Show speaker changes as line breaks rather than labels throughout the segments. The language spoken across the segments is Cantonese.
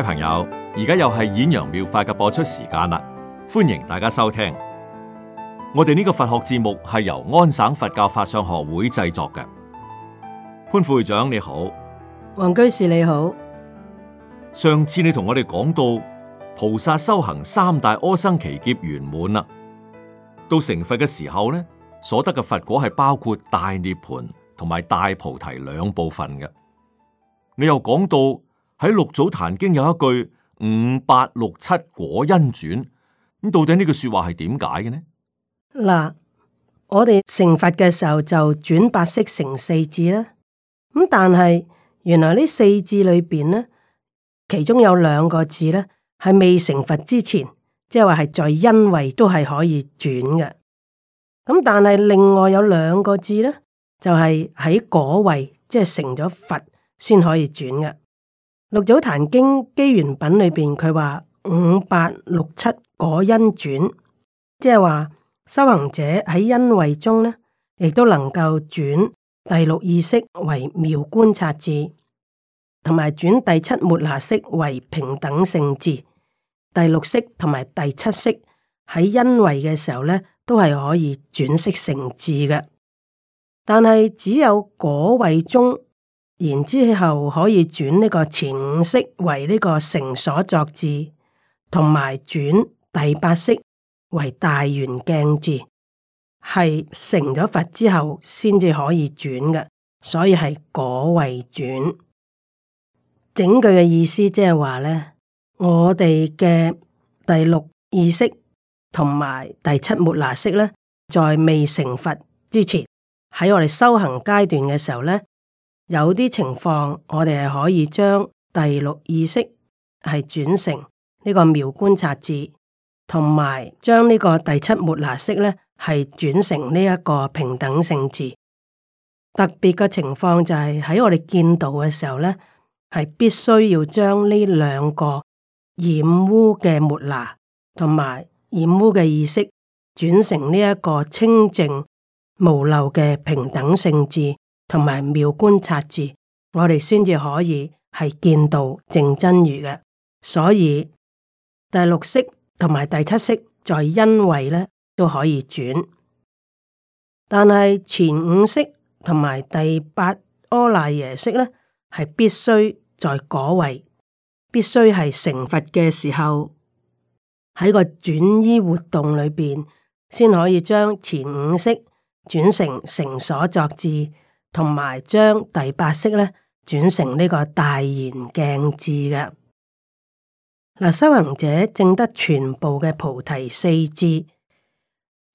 各位朋友，而家又係演揚妙，妙法嘅播出時間啦！歡迎大家收聽。我哋呢個佛學節目係由安省佛教法相學會製作嘅。潘副會長你好，黃居士你好。上次你同我哋講到菩薩修行三大阿僧祇劫圓滿啦，到成佛嘅時候呢，所得嘅佛果係包括大涅盤同埋大菩提兩部分嘅。你又講到。喺六祖壇經有一句五八六七果因轉，咁到底呢句說話係點解嘅呢？
嗱，我哋成佛嘅時候就轉八識成四智啦。咁但係原來呢四智裏邊呢，其中有兩個智呢係未成佛之前，即係話係在因位都係可以轉嘅。咁但係另外有兩個智呢，就係喺果位，即係成咗佛先可以轉嘅。六祖壇經機緣品裏邊，佢話五八六七果因轉，即係話修行者喺因位中呢，亦都能夠轉第六意識為妙觀察智，同埋轉第七末那識為平等性智。第六識同埋第七識喺因位嘅時候呢，都係可以轉識成智嘅，但係只有果位中。然之後可以轉呢個前五識為呢個成所作智，同埋轉第八識為大圓鏡智。係成咗佛之後先至可以轉嘅，所以係果位轉。整句嘅意思即係話呢，我哋嘅第六意識同埋第七末那識呢，在未成佛之前，喺我哋修行階段嘅時候呢。有啲情況，我哋係可以將第六意識係轉成呢個妙觀察智，同埋將呢個第七末那識咧係轉成呢一個平等性智。特別嘅情況就係、是、喺我哋見到嘅時候咧，係必須要將呢兩個染污嘅末那同埋染污嘅意識轉成呢一個清淨無漏嘅平等性智。同埋妙觀察智，我哋先至可以係見到正真如嘅。所以第六識同埋第七識在因位咧都可以轉，但係前五識同埋第八阿賴耶識咧係必須在果位，必須係成佛嘅時候喺個轉依活動裏邊，先可以將前五識轉成成所作智。同埋將第八識咧轉成呢個大圓鏡智嘅嗱，修行者證得全部嘅菩提四智，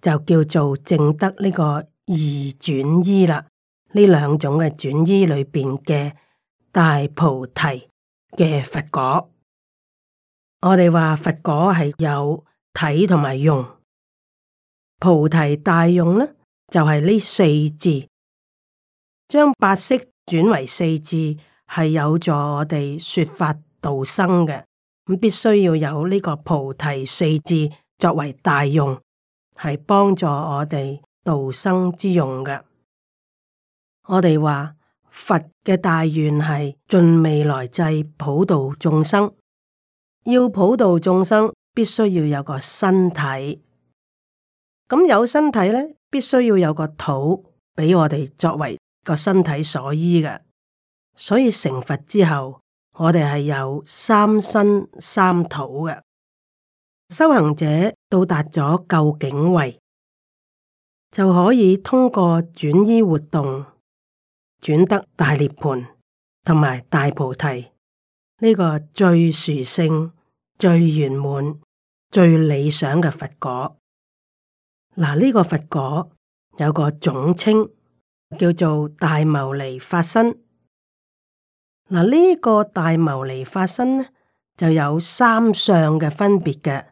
就叫做證得呢個二轉依啦。呢兩種嘅轉依裏邊嘅大菩提嘅佛果，我哋話佛果係有體同埋用，菩提大用咧就係、是、呢四智。將白色轉為四字係有助我哋說法度生嘅，咁必須要有呢個菩提四字作為大用，係幫助我哋度生之用嘅。我哋話佛嘅大願係盡未來際普度眾生，要普度眾生，必須要有個身體。咁有身體咧，必須要有個土俾我哋作為個身體所依嘅，所以成佛之後，我哋係有三身三土嘅。修行者到達咗究竟位，就可以通過轉依活動，轉得大涅盤同埋大菩提呢個最殊勝、最圓滿、最理想嘅佛果。嗱，呢個佛果有個總稱。叫做大牟尼法身嗱，呢、這個大牟尼法身呢就有三相嘅分別嘅，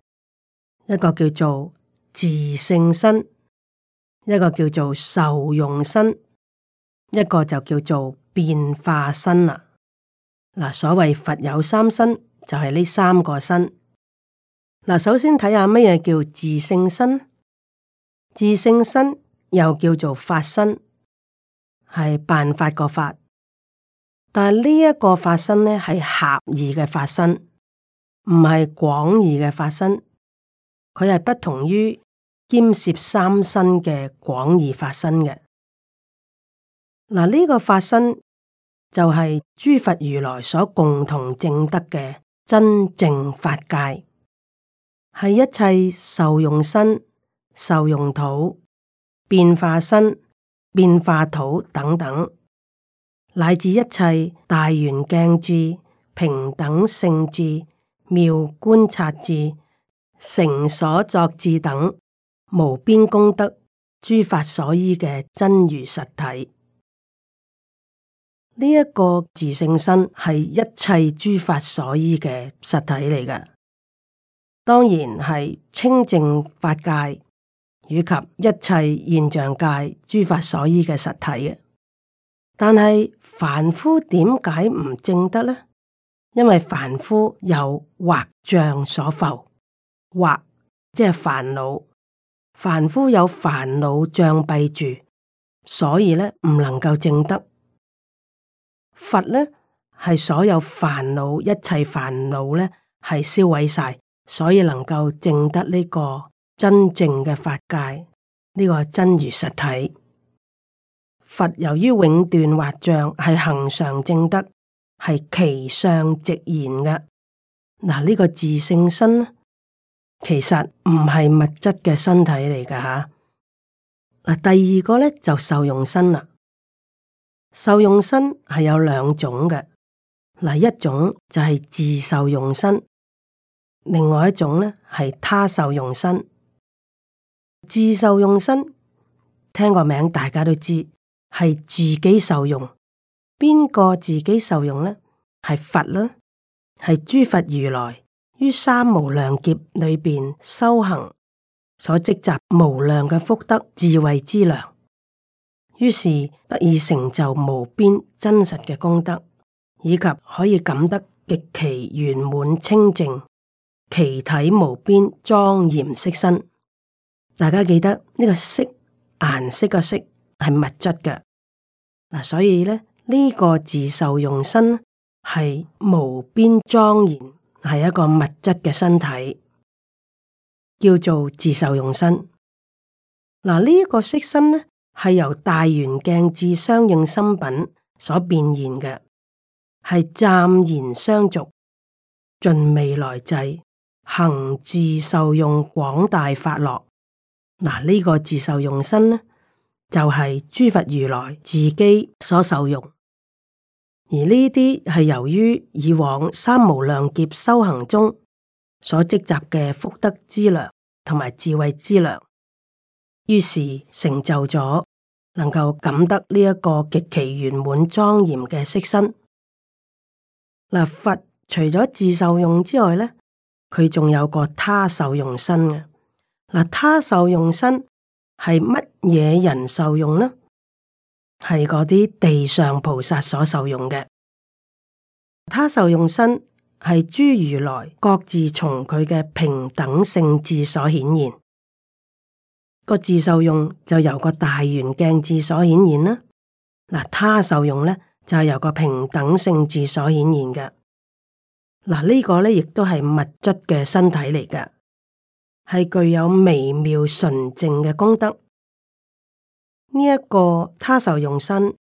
一個叫做自性身，一個叫做受用身，一個就叫做變化身啦。嗱，所謂佛有三身，就係、是、呢三個身。嗱，首先睇下乜嘢叫自性身，自性身又叫做法身。係辦法個法，但係呢一個法身呢，係狹義嘅法身，唔係廣義嘅法身。佢係不同於兼涉三身嘅廣義法身嘅。嗱，呢、這個法身就係諸佛如來所共同證得嘅真正法界，係一切受用身、受用土、變化身。變化土等等乃至一切大圓鏡智、平等性智、妙觀察智、成所作智等無邊功德，諸法所依嘅真如實體。呢、這、一個自性身係一切諸法所依嘅實體嚟㗎，當然係清淨法界，以及一切現象界諸法所依嘅實體，但係凡夫點解唔證得呢？因為凡夫有惑障所浮惑，即係煩惱。凡夫有煩惱障蔽住，所以呢唔能夠證得。佛呢係所有煩惱，一切煩惱呢係銷毀晒，所以能夠證得呢、這個。真正嘅法界呢、呢個真如實體佛，由於永斷惑障，係恆常正德，係其上直言嘅。嗱，呢個自性身其實唔係物質嘅身體嚟噶吓。嗱，第二個咧就受用身啦。受用身係有兩種嘅，嗱，一種就係自受用身，另外一種咧係他受用身。自受用身，聽個名大家都知，係自己受用。邊個自己受用呢？係佛啦，係諸佛如來，於三無量劫裏邊修行，所積集無量嘅福德智慧之量，於是得以成就無邊真實嘅功德，以及可以感得極其圓滿清淨，其體無邊莊嚴色身。大家記得呢、這個色，顏色個色係物質嘅嗱，所以咧呢個自受用身係無邊莊嚴，係一個物質嘅身體，叫做自受用身。嗱，呢一個色身呢係由大圓鏡智相應心品所變現嘅，係湛然相續，盡未來際，行自受用廣大法樂。嗱，呢個自受用身呢，就係、是、諸佛如來自己所受用，而呢啲係由於以往三無量劫修行中所積集嘅福德之糧同埋智慧之糧，於是成就咗，能夠感得呢一個極其圓滿莊嚴嘅色身。嗱，佛除咗自受用之外呢，佢仲有個他受用身。嗱，他受用身係乜嘢人受用呢？係嗰啲地上菩薩所受用嘅。他受用身係諸如來各自從佢嘅平等性智所顯現。個自受用就由個大圓鏡智所顯現啦。嗱，他受用呢就係由個平等性智所顯現嘅。嗱，呢個呢亦都係物質嘅身體嚟噶。係具有微妙純淨嘅功德，呢、這、一個他受用身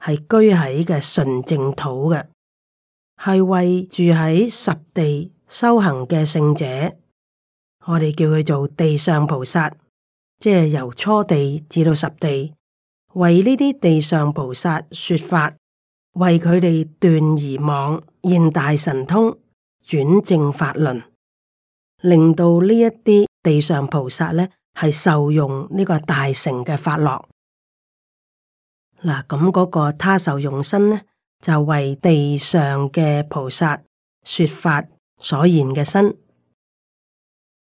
係居喺嘅純淨土嘅，係為住喺十地修行嘅聖者，我哋叫佢做地上菩薩，即係由初地至到十地，為呢啲地上菩薩說法，為佢哋斷疑網，現大神通、轉正法輪，令到呢一啲。地上菩薩咧係受用呢個大乘嘅法樂，嗱，咁嗰個他受用身呢，就為地上嘅菩薩說法所言嘅身。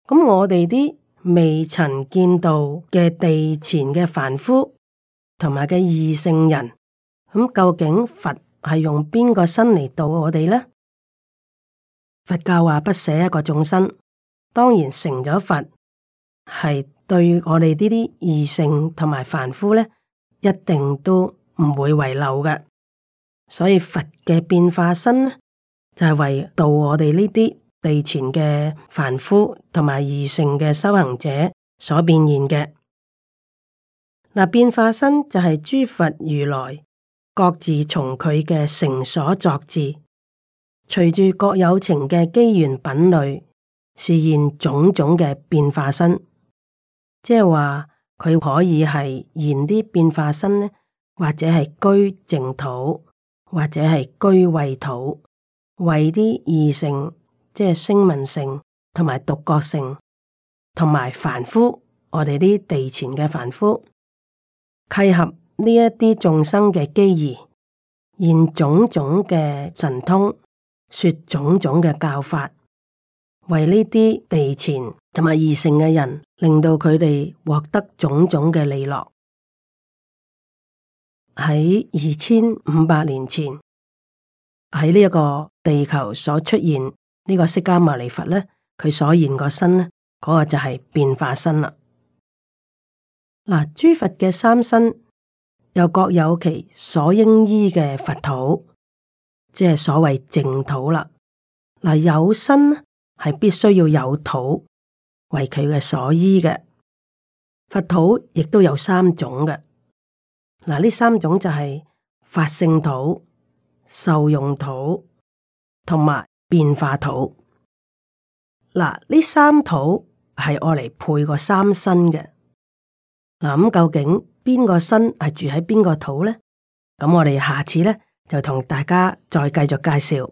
咁我哋啲未曾見到嘅地前嘅凡夫同埋嘅異聖人，咁究竟佛係用邊個身嚟度我哋呢？佛教話不捨一個眾生。當然成咗佛係對我哋呢啲異性同埋凡夫呢，一定都唔會遺漏嘅。所以佛嘅變化身呢，就係、是、為到我哋呢啲地前嘅凡夫同埋異性嘅修行者所變現嘅。嗱，變化身就係諸佛如來各自從佢嘅成所作智，隨住各有情嘅機緣品類，是現種種嘅變化身，即係話佢可以係現啲變化身呢，或者係居淨土，或者係居穢土，為啲二性，即係聲聞性同埋獨覺性，同埋凡夫，我哋啲地前嘅凡夫，契合呢一啲眾生嘅機宜，現種種嘅神通，說種種嘅教法。為呢啲地前同埋異生嘅人，令到佢哋獲得種種嘅利樂。喺二千五百年前，喺呢一個地球所出現呢，這個釋迦牟尼佛咧，佢所現個身咧，嗰，那個就係變化身啦。嗱、啊，諸佛嘅三身又各有其所應依嘅佛土，即係所謂淨土啦。嗱、啊，有身。係必須要有土為佢嘅所依嘅，佛土亦都有三種嘅。嗱，呢三種就係法性土、受用土同埋變化土。嗱，呢三土係愛嚟配個三身嘅。嗱，咁究竟邊個身係住喺邊個土咧？咁我哋下次咧就同大家再繼續介紹。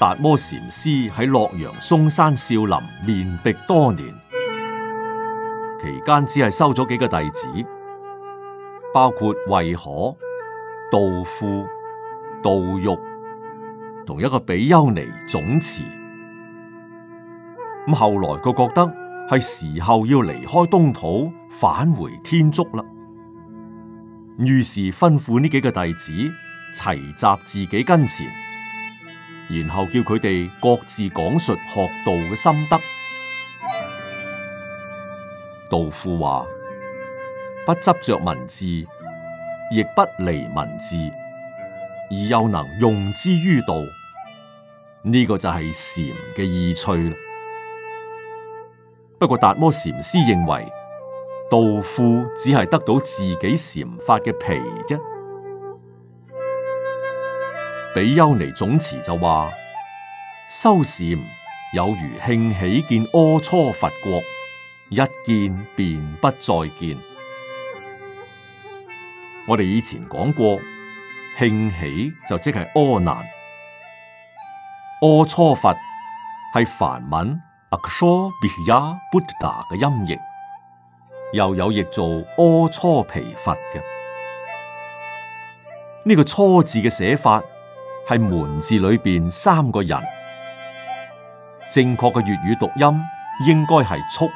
達摩禪師喺洛陽嵩山少林面壁多年，期間只係收咗幾個弟子，包括慧可、道副、道育同一個比丘尼總持。咁後來佢覺得係時候要離開東土，返回天竺啦，於是吩咐呢幾個弟子齊集自己跟前。然後叫佢哋各自講述學道嘅心得。道副話：不執着文字，亦不離文字，而又能用之於道，呢、這個就係禪嘅意趣啦。不過達摩禪師認為，道副只係得到自己禪法嘅皮啫。比丘尼總持就話：修禪有如慶喜見阿閦佛國，一見便不再見。我哋以前講過，慶喜就即係阿難，阿閦佛係梵文阿疏別呀布達嘅音譯，又有譯做阿閦鞞佛嘅。呢個閦字嘅寫法，係門字裏邊三個人，正確嘅粵語讀音應該係速。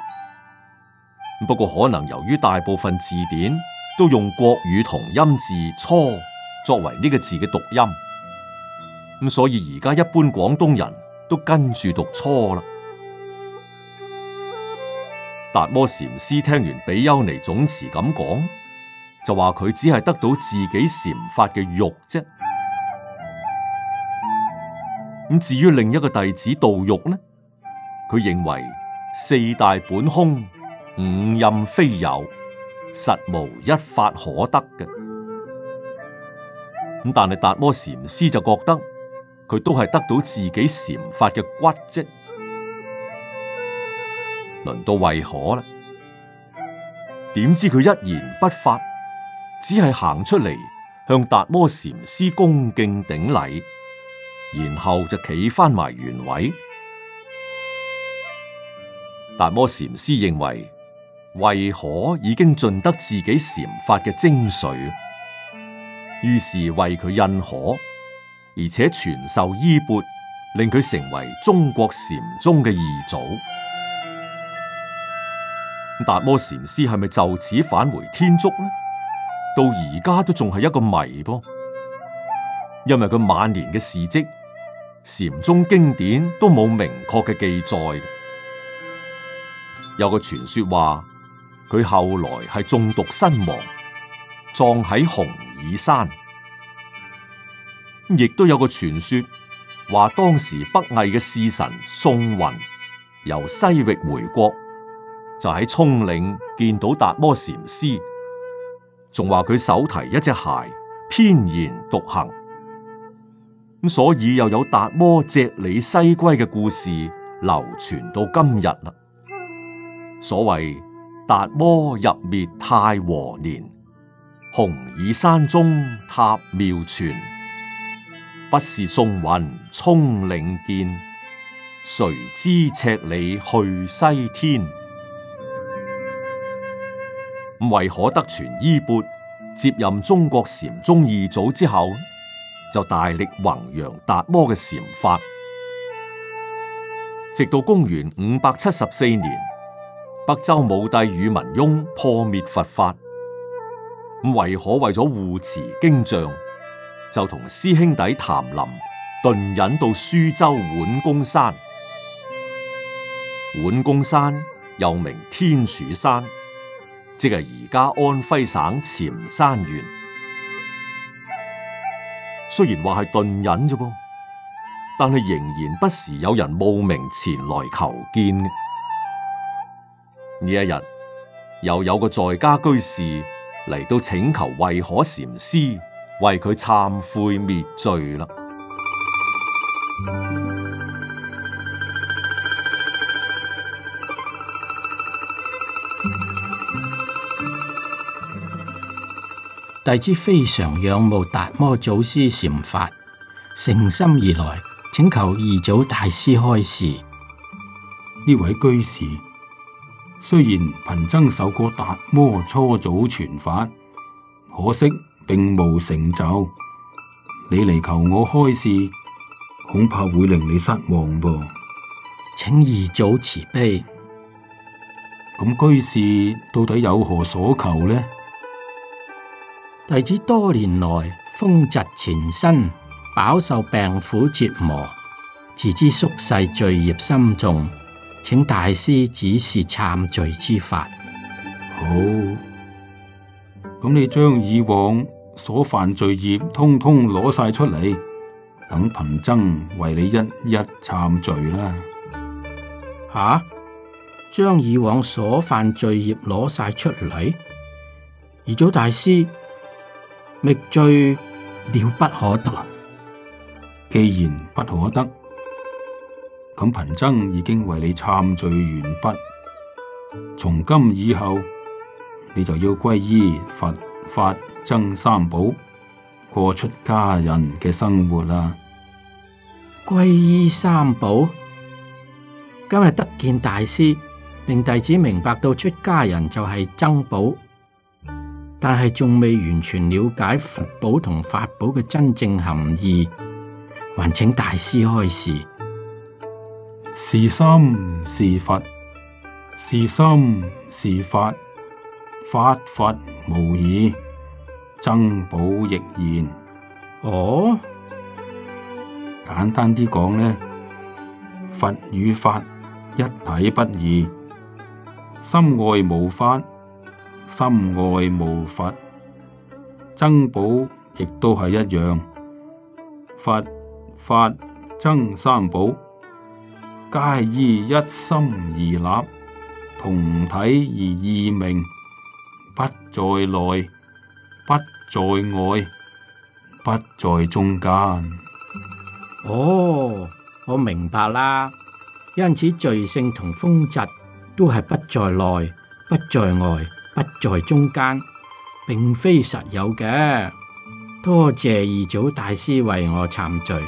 不過可能由於大部分字典都用國語同音字初作為呢個字嘅讀音，咁所以而家一般廣東人都跟住讀初啦。達摩禪師聽完比丘尼總持咁講，就話佢只係得到自己禪法嘅肉啫。玉咁至於另一個弟子道育呢？佢認為四大本空，五陰非有，實無一法可得嘅。咁但係達摩禪師就覺得佢都係得到自己禪法嘅骨質。輪到慧可啦，點知佢一言不發，只係行出嚟向達摩禪師恭敬頂禮。然後就企翻埋原位。達摩禪師認為慧可已經盡得自己禪法嘅精髓，於是為佢印可，而且傳授衣鉢，令佢成為中國禪宗嘅二祖。達摩禪師係咪就此返回天竺呢？到而家都仲係一個謎噃，因為佢晚年嘅事跡。禪宗經典都冇明確嘅記載，有個傳說話佢後來係中毒身亡，葬喺熊耳山。亦都有個傳說話，說當時北魏嘅侍臣宋雲由西域回國，就喺蔥嶺見到達摩禪師，仲話佢手提一隻鞋，翩然獨行。咁所以又有達摩隻履西歸嘅故事流傳到今日啦。所謂達摩入滅太和年，熊耳山中塔廟傳，不是宋雲蔥嶺見，誰知隻履去西天？慧可得全衣鉢，接任中國禪宗二祖之後。就大力弘揚達摩嘅禪法，直到公元五百七十四年，北周武帝宇文邕破滅佛法，咁慧可為咗護持經像，就同師兄弟譚林、遁隱到舒州皖公山。皖公山又名天柱山，即係而家安徽省潛山縣。雖然話係遁隱啫噃，但係仍然不時有人慕名前來求見嘅。呢一日，又有個在家居士嚟到請求慧可禪師為佢懺悔滅罪啦。
弟子非常仰慕達摩祖師禪法，誠心而來請求二祖大師開示。呢位居
士，雖然貧僧受過達摩初祖傳法，可惜並無成就。你嚟求我開示，恐怕會令你失望噃。請二祖慈悲。咁居士到底有何所求呢？
弟子多年來風疾纏身，飽受病苦折磨，自知宿世罪孽深重，請大師指示懺罪之法。好、喔，
咁你將以往所犯罪業通通攞晒出嚟，等貧僧為你一一懺罪啦。
吓，將以往所犯罪業攞晒出嚟，二祖大師。覓罪了不可得，
既然不可得，咁貧僧已經為你懺罪完畢，從今以後你就要皈依佛法僧三寶，過出家人嘅生活啦。
皈依三寶，今日得見大師，令弟子明白到出家人就係僧寶。但係仲未完全了解佛寶同法寶嘅真正含義，還請大師開示。是心是佛，
是心是法，法佛無二，僧寶亦然。哦，簡單啲講呢，佛與法一體不二，心外無法。心外無佛，僧寶亦都係一樣。佛法僧三寶，皆依一心而立，同體而異名，不在內，
不在外，不在中間。哦，我明白啦。因此，罪性同風疾都係不在內，不在外，不在中間，並非實有嘅。多謝二祖大師為我懺罪。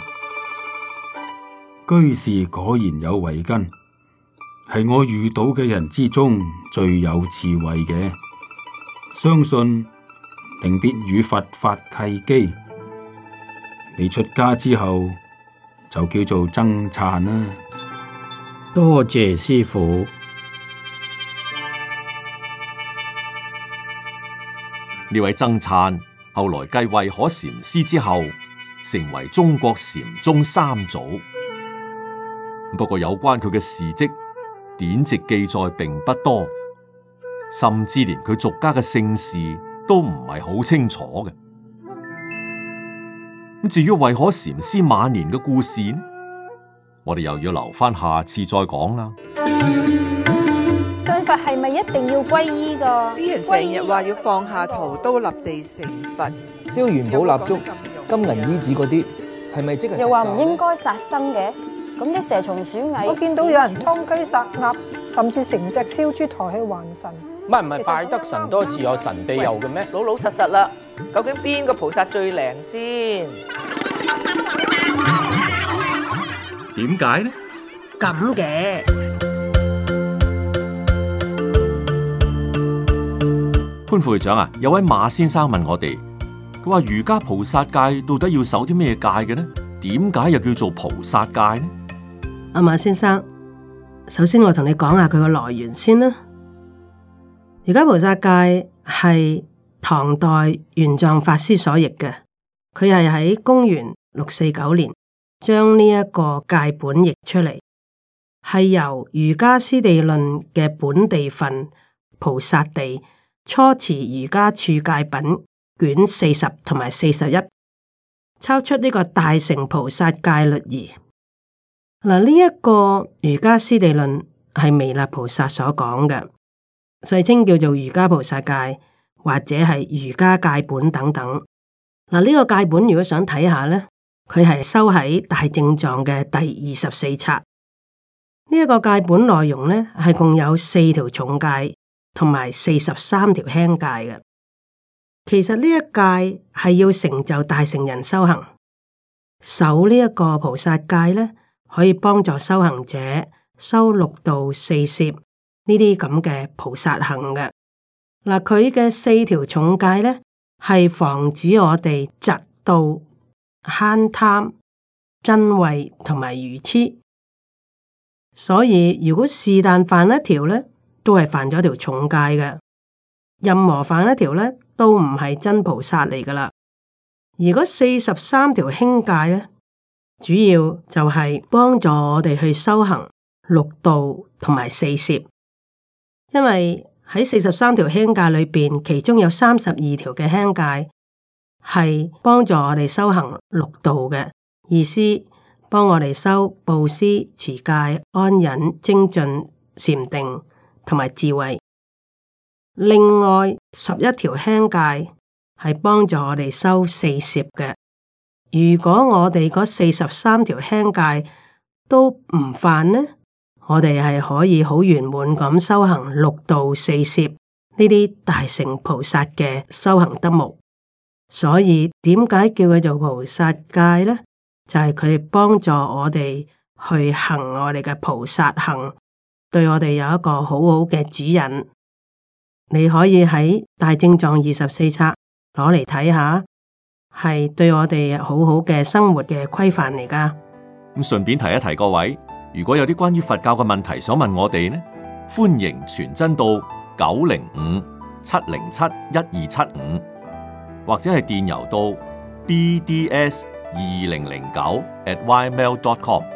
居士果然有慧根，係我遇到嘅人之中最有智慧嘅，相信定必與佛法契機。你出家之後就叫做僧璨啦。多謝師父。
呢位僧璨後來繼慧可禪師之後，成為中國禪宗三祖。不過有關佢嘅事跡，典籍記載並不多，甚至連佢俗家嘅姓氏都唔係好清楚嘅。咁至於慧可禪師晚年嘅故事，我哋又要留翻下，下次再講啦。
佛係咪一定要皈依噶？啲人成日話要放下屠刀立地成佛，燒元寶蠟燭、金銀衣紙嗰啲，係咪即係？又話唔應該殺生嘅，咁啲蛇蟲鼠蟻，我見到有人劏雞殺鴨，甚至成隻燒豬抬去還神。唔係唔係，拜得神多自有神庇佑嘅咩？老老實實啦，究竟邊個菩薩最靈先？
點解呢？
咁嘅。.
關副長啊，有位馬先生問我哋，佢話瑜伽菩薩戒到底要守啲咩戒嘅呢？點解又叫做菩薩戒呢？
阿、啊、馬先生，首先我同你講下佢個來源先啦。瑜伽菩薩戒係唐代玄奘法師所譯嘅，佢係喺公元六四九年將呢一個戒本譯出嚟，係由瑜伽師地論嘅本地分菩薩地，初持瑜伽處戒品卷四十同埋四十一，抽出呢個大乘菩薩戒律儀。嗱、這個，呢一個瑜伽師地論係彌勒菩薩所講嘅，俗稱叫做瑜伽菩薩戒或者係瑜伽戒本等等。嗱，呢個戒本如果想睇下呢，佢係收喺大正藏嘅第二十四冊。呢、這、一個戒本內容呢，係共有四條重戒。同埋四十三條輕戒嘅。其實呢一戒係要成就大乘人修行，守呢一個菩薩戒咧，可以幫助修行者修六度四攝呢啲咁嘅菩薩行嘅。嗱，佢嘅四條重戒咧，係防止我哋習道慳貪、瞋恚同埋愚癡。所以如果是但犯一條咧。都係犯咗一條重戒嘅，任何犯一條咧，都唔係真菩薩嚟噶啦。而嗰四十三條輕戒咧，主要就係幫助我哋去修行六度同埋四攝，因為喺四十三條輕戒裏面，其中有三十二條嘅輕戒係幫助我哋修行六度嘅，意思幫我哋修布施、持戒、安忍、精進、禪定。同埋智慧。另外十一條輕戒係幫助我哋修四攝嘅。如果我哋嗰四十三條輕戒都唔犯呢，我哋係可以好圓滿咁修行六度四攝呢啲大乘菩薩嘅修行德目。所以點解叫佢做菩薩戒呢？就係佢哋幫助我哋去行我哋嘅菩薩行。對我哋有一個好好嘅指引，你可以喺《大正藏》二十四冊攞嚟睇下，係對我哋好好嘅生活嘅規範嚟
噶。咁順便提一提各位，如果有啲關於佛教嘅問題想問我哋呢，歡迎傳真到九零五七零七一二七五，75，或者係電郵到 bds 二零零九 @ymail.com。